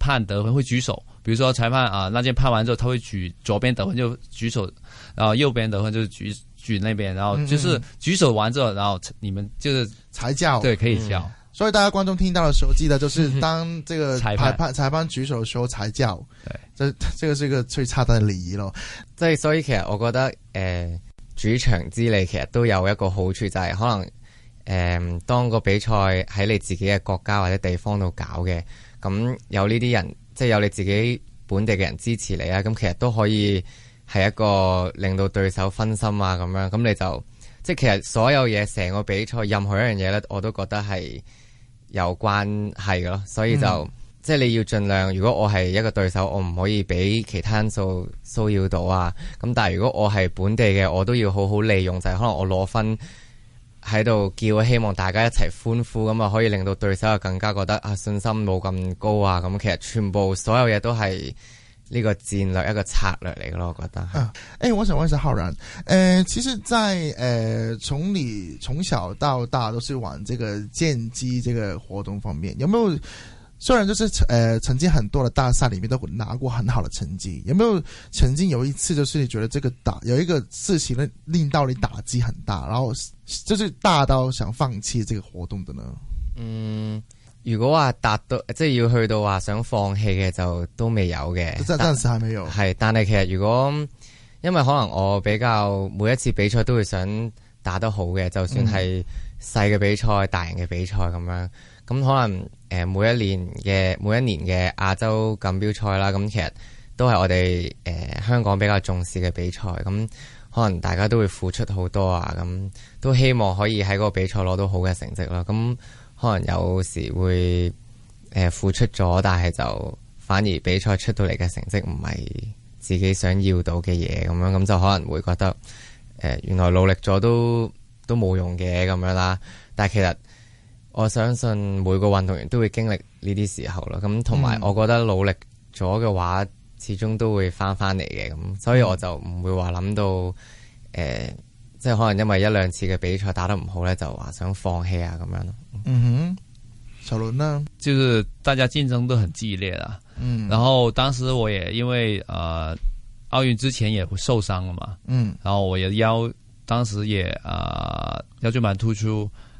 判得分會舉手，比如說裁判啊，那件判完之後，他會舉左邊得分就舉手，然後右邊得分就舉舉那邊，然後就是舉手完之後、嗯，然後你們就是裁叫，對，可以叫、嗯。所以大家觀眾聽到的時候，記得就是當這個裁判裁、嗯、判舉手的時候裁叫，對這個是一個最差的禮儀咯。即係所以其實我覺得誒、呃，主場之利其實都有一個好處，就係、是、可能誒、呃，當個比賽喺你自己嘅國家或者地方度搞嘅。咁有呢啲人，即係有你自己本地嘅人支持你啊！咁其實都可以係一個令到對手分心啊！咁樣，咁你就即係其實所有嘢成個比賽任何一樣嘢咧，我都覺得係有關係嘅咯。所以就即係，嗯，你要盡量。如果我係一個對手，我唔可以俾其他因素騷擾到啊。咁但係如果我係本地嘅，我都要好好利用就係可能我攞分。喺度叫，希望大家一齊歡呼，咁啊可以令到對手啊更加覺得啊信心冇咁高啊，咁其實全部所有嘢都係呢個戰略，一個策略嚟嘅咯，我覺得。誒、啊欸，我想問下浩然，誒、呃，其實在，在誒從你從小到大都是玩這個劍擊這個活動方面，有冇？雖然就是曾誒、呃，曾經很多的大賽裏面都拿過很好的成績，有沒有曾經有一次，就是你覺得這個打有一個事情令到你打擊很大，然後就是大到想放棄這個活動的呢？嗯，如果話達到即係要去到話想放棄嘅就都未有嘅，暫時還未有。係，但係其實如果因為可能我比較每一次比賽都會想打得好嘅，就算係細嘅比賽、嗯、大型嘅比賽咁樣。咁可能誒，每一年嘅每一年嘅亞洲錦標賽啦，咁其實都係我哋誒、呃、香港比較重視嘅比賽。咁可能大家都會付出好多啊，咁都希望可以喺嗰個比賽攞到好嘅成績啦。咁可能有時會誒、呃、付出咗，但係就反而比賽出到嚟嘅成績唔係自己想要到嘅嘢，咁樣咁就可能會覺得誒、呃，原來努力咗都都冇用嘅咁樣啦。但係其實。我相信每個運動員都會經歷呢啲時候啦，咁同埋我覺得努力咗嘅話，嗯、始終都會翻翻嚟嘅，咁，所以我就唔會話諗到誒、呃，即係可能因為一兩次嘅比賽打得唔好咧，就話想放棄啊咁樣咯。嗯哼，小倫啦，就是大家競爭都很激烈啦。嗯，然後當時我也因為啊奧運之前也受傷了嘛。嗯，然後我也腰當時也啊、呃、腰椎盤突出。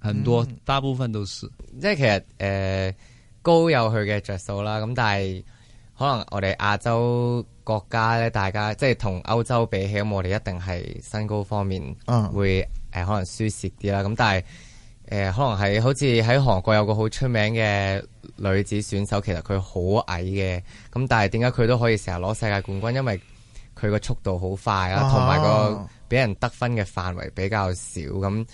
很多、嗯，大部分都是。即係其實誒、呃，高有佢嘅着數啦。咁但係可能我哋亞洲國家咧，大家即係同歐洲比起，咁我哋一定係身高方面會，嗯，會誒可能輸蝕啲啦。咁但係誒、呃，可能係好似喺韓國有個好出名嘅女子選手，其實佢好矮嘅。咁但係點解佢都可以成日攞世界冠軍？因為佢個速度好快啊，同埋個俾人得分嘅範圍比較少咁。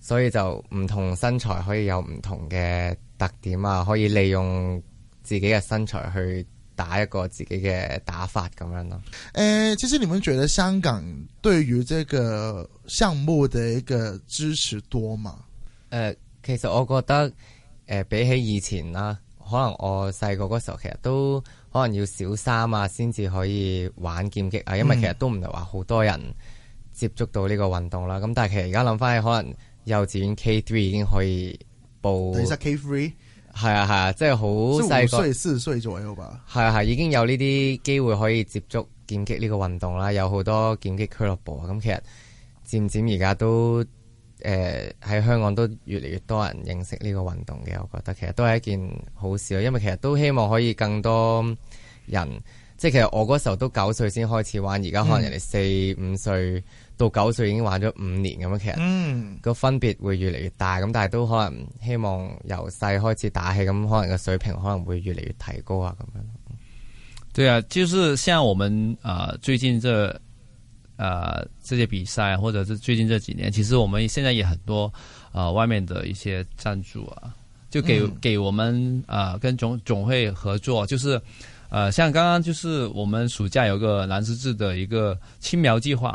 所以就唔同身材可以有唔同嘅特點啊，可以利用自己嘅身材去打一個自己嘅打法咁樣咯。誒，其實你們覺得香港對於這個項目的一個支持多嗎？誒，其實我覺得誒、呃，比起以前啦、啊，可能我細個嗰時候其實都可能要小三啊先至可以玩劍擊啊，因為其實都唔係話好多人接觸到呢個運動啦。咁、嗯、但係其實而家諗翻起可能。幼稚園 K three 已經可以報。等一下 K three，係啊係啊，即係好細個。五歲、四歲左右吧。係啊係，已經有呢啲機會可以接觸劍擊呢個運動啦，有好多劍擊俱樂部啊。咁其實漸漸而家都誒喺、呃、香港都越嚟越多人認識呢個運動嘅，我覺得其實都係一件好事，因為其實都希望可以更多人。即係其實我嗰時候都九歲先開始玩，而家可能人哋四五歲。嗯到九歲已經玩咗五年咁樣，其實個分別會越嚟越大咁，嗯，但係都可能希望由細開始打起，咁可能個水平可能會越嚟越提高啊咁樣。對啊，就是像我們啊、呃，最近這啊、呃，這些比賽，或者是最近這幾年，其實我們現在也很多啊、呃，外面的一些贊助啊，就給，嗯，給我們啊、呃，跟總總會合作，就是啊、呃，像剛剛就是我們暑假有個藍十字的一個青苗計劃。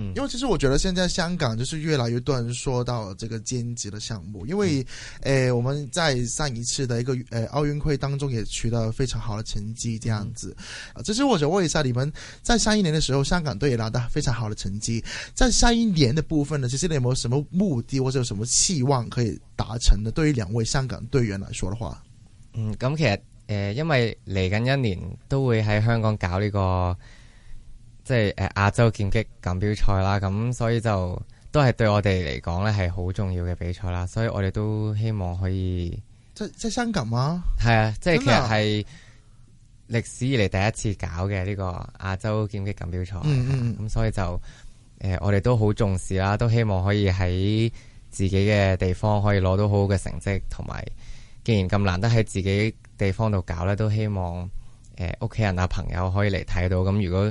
嗯，因為其實我覺得現在香港就是越來越多人說到這個劍擊的項目，因為誒、嗯呃、我們在上一次的一個誒、呃、奧運會當中也取得非常好的成績，這樣子、嗯。其實我想問一下你們，在上一年的時候，香港隊也拿到非常好的成績。在下一年的部分呢，其實你有沒有什麼目的或者有什麼期望可以達成呢？對於兩位香港隊員來說的話，嗯，咁、嗯、其實誒、呃、因為嚟緊一年都會喺香港搞呢、這個。即係呃、亞洲劍擊錦標賽啦，咁所以就都係對我哋嚟講呢係好重要嘅比賽啦，所以我哋都希望可以即即新感啊，係啊，即係其實係歷史以嚟第一次搞嘅呢、呢個亞洲劍擊錦標賽，咁、嗯嗯嗯啊、所以就誒、呃、我哋都好重視啦，都希望可以喺自己嘅地方可以攞到好好嘅成績，同埋既然咁難得喺自己地方度搞呢，都希望誒屋企人啊朋友可以嚟睇到，咁如果。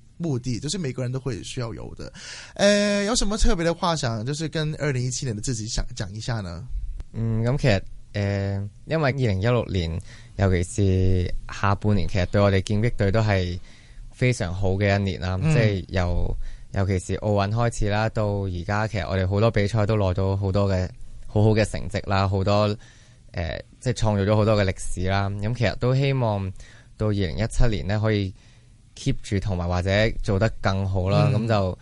目的就是每個人都會需要有的，誒、呃，有什麼特別的話想，就是跟二零一七年的自己想講一下呢？嗯，咁、嗯、其實誒、呃，因為二零一六年，尤其是下半年，其實對我哋劍擊隊都係非常好嘅一年啦、嗯。即係由尤其是奧運開始啦，到而家，其實我哋好多比賽都攞到好多嘅好好嘅成績啦，好多誒、呃，即係創造咗好多嘅歷史啦。咁、嗯、其實都希望到二零一七年呢，可以，keep 住同埋或者做得更好啦，咁、嗯、就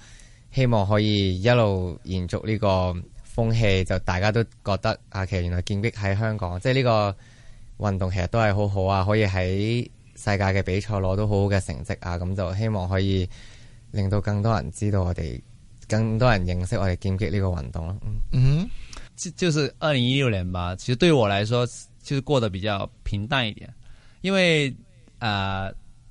希望可以一路延續呢個風氣，就大家都覺得啊，其實原來劍擊喺香港，即係呢個運動其實都係好好啊，可以喺世界嘅比賽攞到好好嘅成績啊，咁就希望可以令到更多人知道我哋，更多人認識我哋劍擊呢個運動咯。嗯，就、嗯、就是二零一六年吧，其實對我來說，就是過得比較平淡一點，因為啊。呃